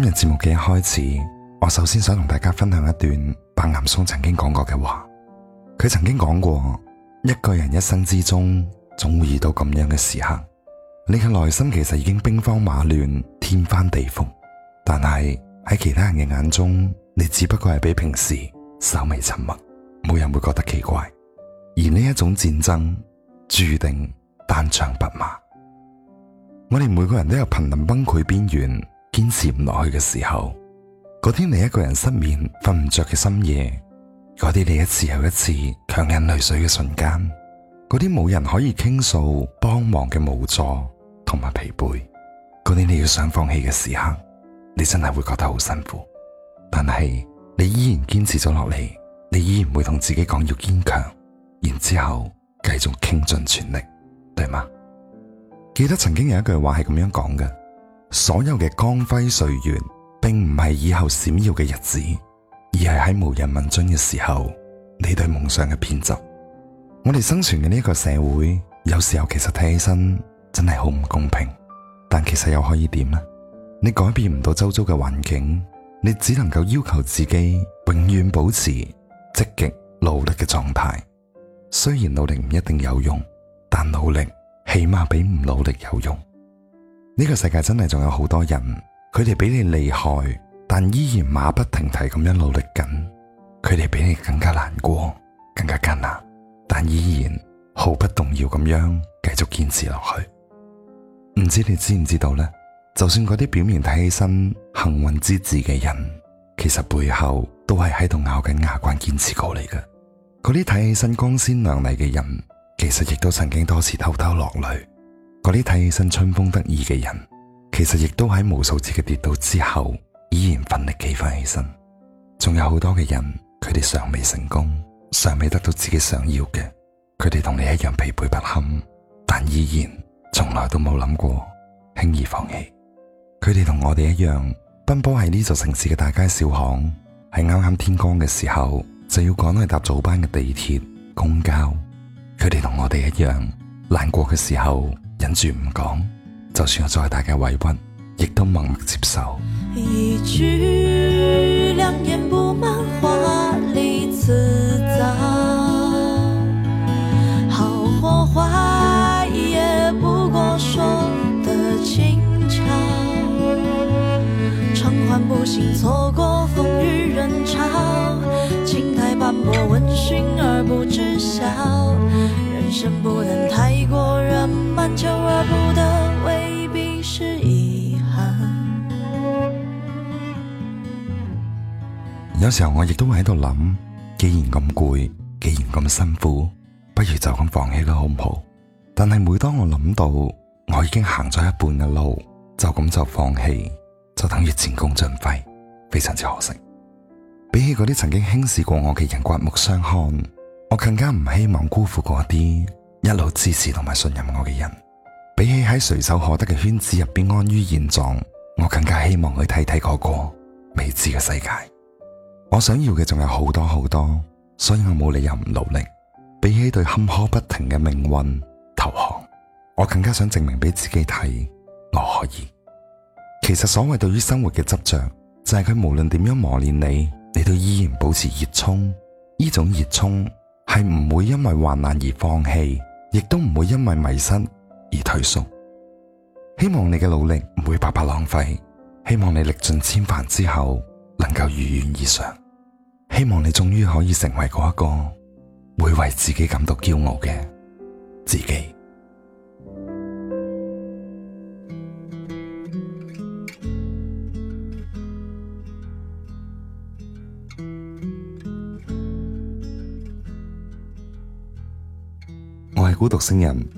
今日節目嘅一開始，我首先想同大家分享一段白岩松曾經講過嘅話。佢曾經講過，一個人一生之中，總會遇到咁樣嘅時刻。你嘅內心其實已經兵荒馬亂、天翻地覆，但係喺其他人嘅眼中，你只不過係比平時稍微沉默，冇人會覺得奇怪。而呢一種戰爭，注定單槍匹馬。我哋每個人都有瀕臨崩潰邊緣堅持唔落去嘅時候，嗰天你一個人失眠，瞓唔着嘅深夜，嗰啲你一次又一次強忍淚水嘅瞬間，嗰啲冇人可以傾訴、幫忙嘅無助同埋疲憊，嗰啲你要想放棄嘅時刻，你真係會覺得好辛苦。但係你依然堅持咗落嚟，你依然會同自己講要堅強，然之後繼續傾盡全力，對嗎？記得曾經有一句話係咁樣講嘅。所有嘅光輝歲月，並唔係以後閃耀嘅日子，而係喺無人問津嘅時候，你對夢想嘅偏執。我哋生存嘅呢個社會，有時候其實睇起身真係好唔公平，但其實又可以點呢？你改變唔到周遭嘅環境，你只能夠要求自己永遠保持積極努力嘅狀態。雖然努力唔一定有用，但努力起碼比唔努力有用。呢個世界真係仲有好多人，佢哋比你厲害，但依然馬不停蹄咁樣努力緊；佢哋比你更加難過、更加艱難，但依然毫不動搖咁樣繼續堅持落去。唔知你知唔知道呢？就算嗰啲表面睇起身幸運之至嘅人，其實背後都係喺度咬緊牙關堅持過嚟嘅；嗰啲睇起身光鮮亮麗嘅人，其實亦都曾經多次偷偷落淚。嗰啲睇起身春風得意嘅人，其實亦都喺無數次嘅跌倒之後，依然奮力企翻起身。仲有好多嘅人，佢哋尚未成功，尚未得到自己想要嘅，佢哋同你一樣疲憊不堪，但依然從來都冇諗過輕易放棄。佢哋同我哋一樣奔波喺呢座城市嘅大街小巷，喺啱啱天光嘅時候就要趕去搭早班嘅地鐵、公交。佢哋同我哋一樣難過嘅時候。忍住唔講，就算有再大嘅委屈，亦都默默接受。一 句良言布滿華麗詞藻，好或壞也不過說得輕巧。償還不行，錯過風雨人潮，青苔斑駁，聞訊而不知曉。人生不能太。未必是遺憾。有時候我亦都會喺度諗，既然咁攰，既然咁辛苦，不如就咁放棄啦，好唔好？但係每當我諗到我已經行咗一半嘅路，就咁就放棄，就等於前功盡廢，非常之可惜。比起嗰啲曾經輕視過我嘅人刮目相看，我更加唔希望辜負嗰啲一路支持同埋信任我嘅人。比起喺隨手可得嘅圈子入邊安於現狀，我更加希望去睇睇嗰個未知嘅世界。我想要嘅仲有好多好多，所以我冇理由唔努力。比起對坎坷不停嘅命運投降，我更加想證明俾自己睇，我可以。其實所謂對於生活嘅執着，就係佢無論點樣磨練你，你都依然保持熱衷。呢種熱衷係唔會因為患難而放棄，亦都唔會因為迷失而退縮，希望你嘅努力唔會白白浪費，希望你歷盡千帆之後能夠如願以償，希望你終於可以成為嗰、那、一個會為自己感到驕傲嘅自己。 我係孤獨星人。